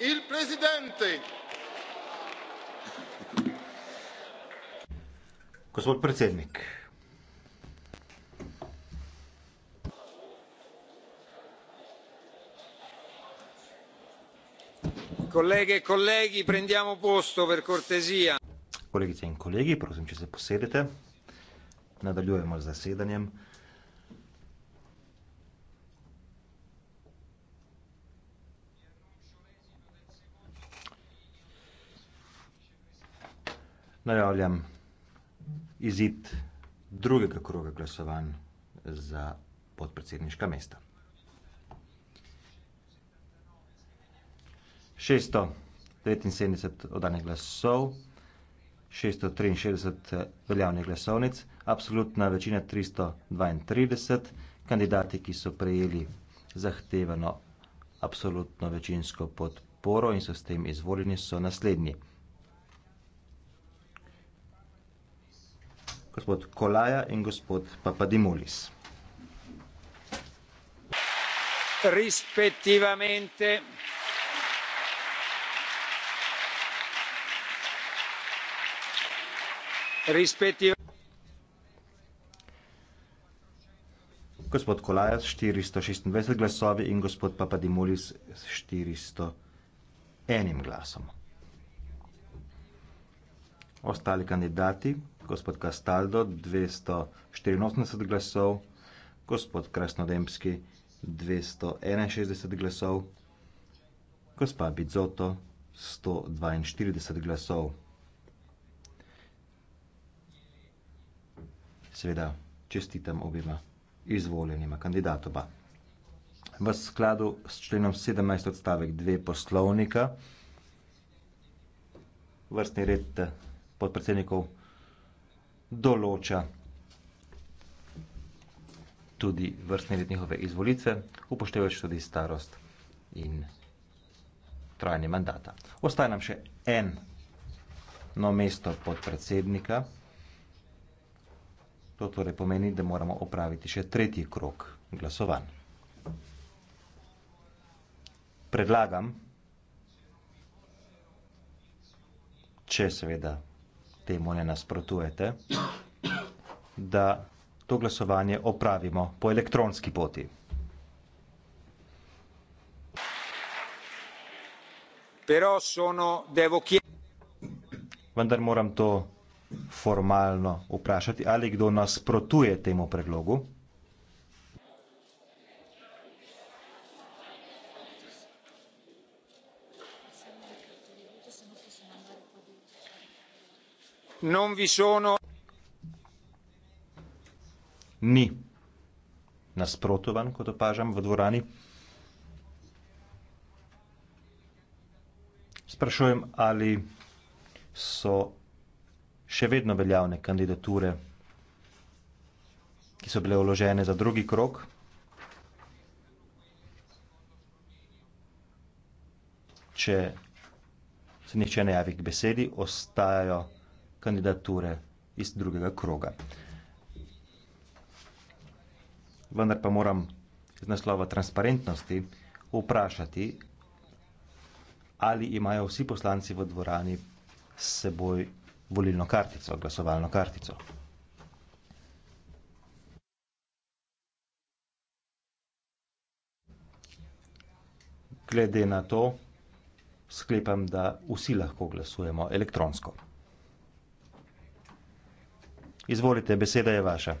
il presidente. Gospod predsednik. Kolege e colleghi, prendiamo posto per cortesia. Kolegice in kolegi, prosim, če se posedete. Nadaljujemo z zasedanjem. najavljam izid drugega kroga glasovanj za podpredsedniška mesta. Šesto 79 oddanih glasov, 663 eh, veljavnih glasovnic, absolutna večina 332, kandidati, ki so prejeli zahtevano absolutno večinsko podporo in so s tem izvoljeni, so naslednji. gospod Kolaja in gospod Papadimulis. Rispettivamente Rispettiv Gospod Kolaja s 426 glasovi in gospod Papadimulis s 401 glasom. Ostali kandidati gospod Castaldo 284 glasov, gospod Krasnodemski 261 glasov, gospa Bizzotto 142 glasov. Seveda čestitam obima izvoljenima kandidatoma. V skladu s členom 17 odstavek 2 poslovnika vrstni red podpredsednikov določa tudi vrstni red njihove izvolitve, upoštevajoč tudi starost in trajanje mandata. Ostaje nam še eno mesto podpredsednika. To torej pomeni, da moramo opraviti še tretji krok glasovanj. Predlagam, če seveda temu ne nasprotujete, da to glasovanje opravimo po elektronski poti. Però sono, devo Vendar moram to formalno vprašati, ali kdo nasprotuje temu predlogu. non vi sono. Ni nasprotovan, kot opažam v dvorani. Sprašujem, ali so še vedno veljavne kandidature, ki so bile vložene za drugi krok. Če se nihče ne javi k besedi, ostajajo kandidature iz drugega kroga. Vendar pa moram z naslova transparentnosti vprašati, ali imajo vsi poslanci v dvorani s seboj volilno kartico, glasovalno kartico. Glede na to sklepam, da vsi lahko glasujemo elektronsko. Izvolite, beseda je vaša.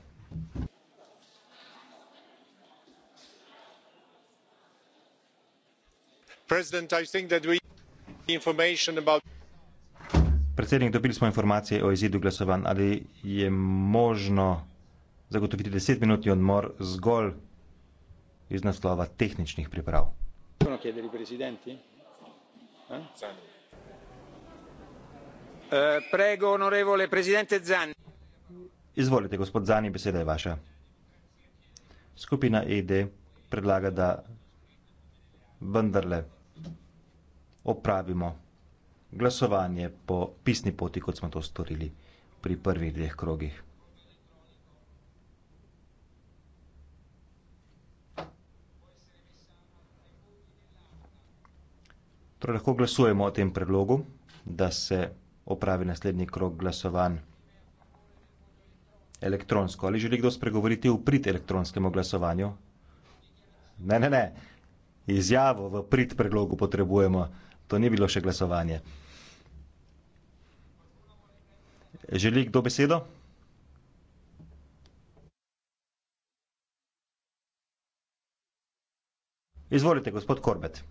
Predsednik, dobili smo informacije o izidu glasovanj. Ali je možno zagotoviti desetminutni odmor zgolj iz naslova tehničnih priprav? Eh? Eh, prego, onorevole, predsednik Zanni. Izvolite, gospod Zani, beseda je vaša. Skupina ED predlaga, da vendarle opravimo glasovanje po pisni poti, kot smo to storili pri prvih dveh krogih. Torej lahko glasujemo o tem predlogu, da se opravi naslednji krog glasovanj elektronsko. Ali želi kdo spregovoriti v prid elektronskemu glasovanju? Ne, ne, ne. Izjavo v prid predlogu potrebujemo. To ni bilo še glasovanje. Želi kdo besedo? Izvolite, gospod Korbet.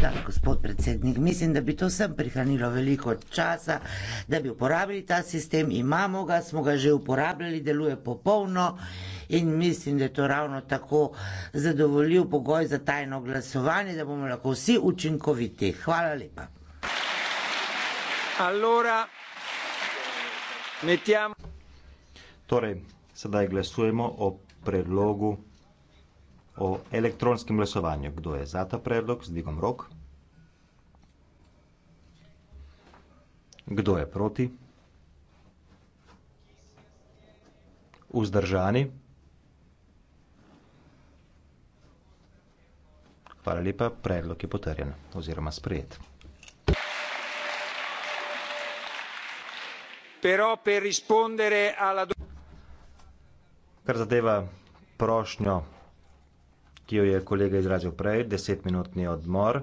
Da, gospod predsednik, mislim, da bi to vsem prihranilo veliko časa, da bi uporabili ta sistem. Imamo ga, smo ga že uporabljali, deluje popolno in mislim, da je to ravno tako zadovoljiv pogoj za tajno glasovanje, da bomo lahko vsi učinkoviti. Hvala lepa. Allora, torej, sedaj glasujemo o predlogu o elektronskem glasovanju. Kdo je za ta predlog? Zdigom rok. Kdo je proti? Vzdržani? Hvala lepa, predlog je potrjen oziroma sprejet. Kar zadeva prošnjo ki jo je kolega izrazil prej, desetminutni odmor.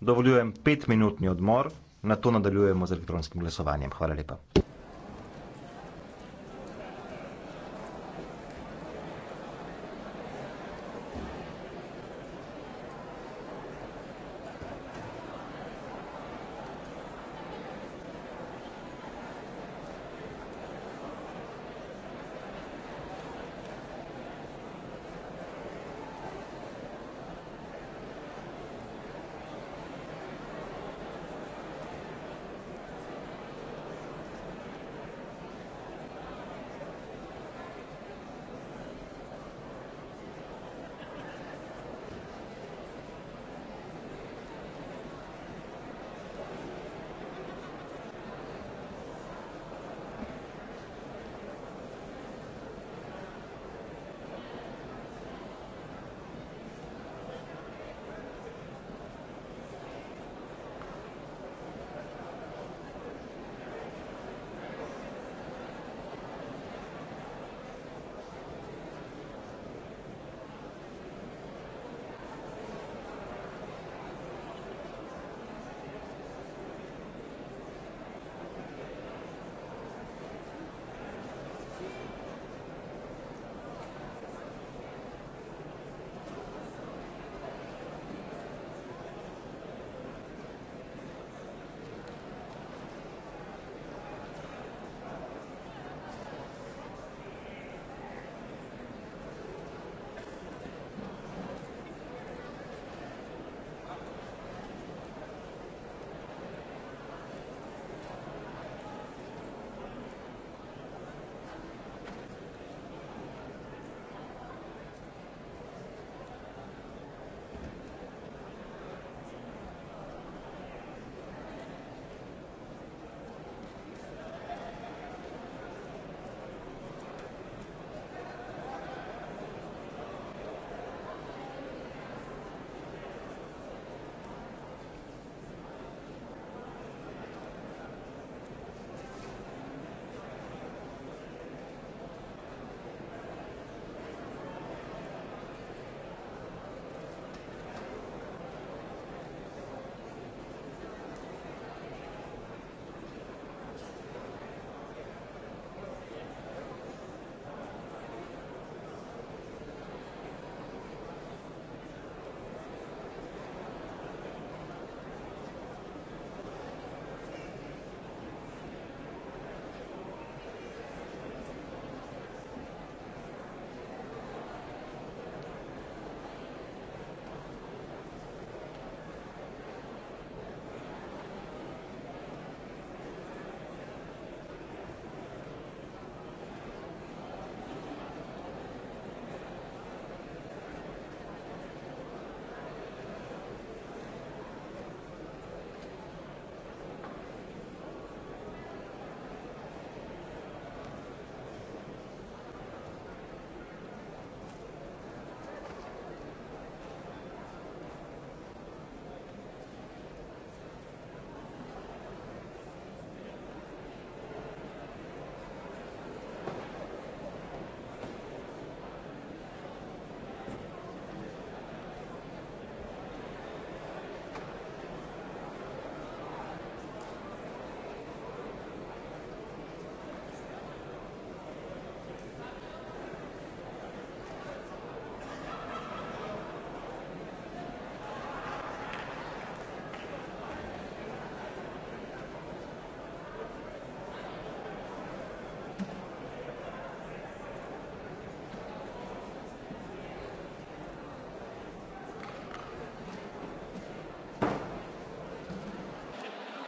Dovoljujem petminutni odmor, na to nadaljujemo z elektronskim glasovanjem. Hvala lepa.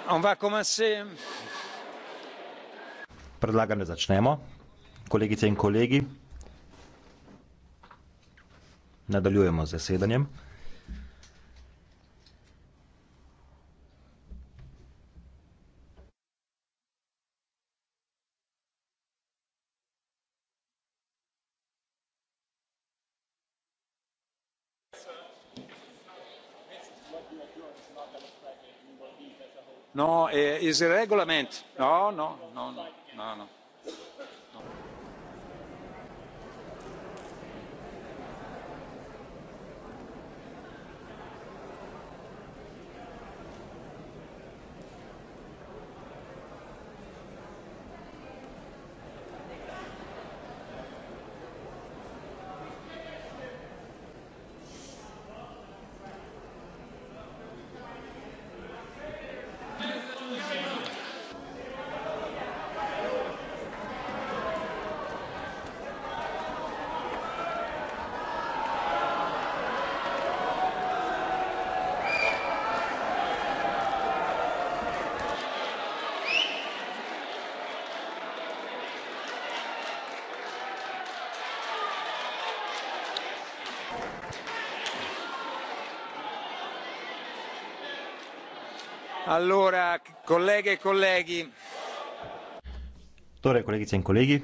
on va commencer. Predlagam, da začnemo. Kolegice in kolegi, nadaljujemo z zasedanjem. no es eh, el reglamento no no no no. no, no. allora colleghe e colleghi torej kolegice in kolegi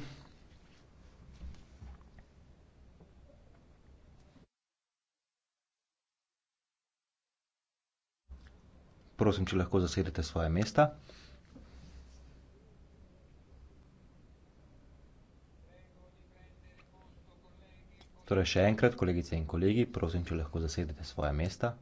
prosim če lahko zasedete svoja mesta torej še enkrat kolegice in kolegi prosim če lahko zasedete svoja mesta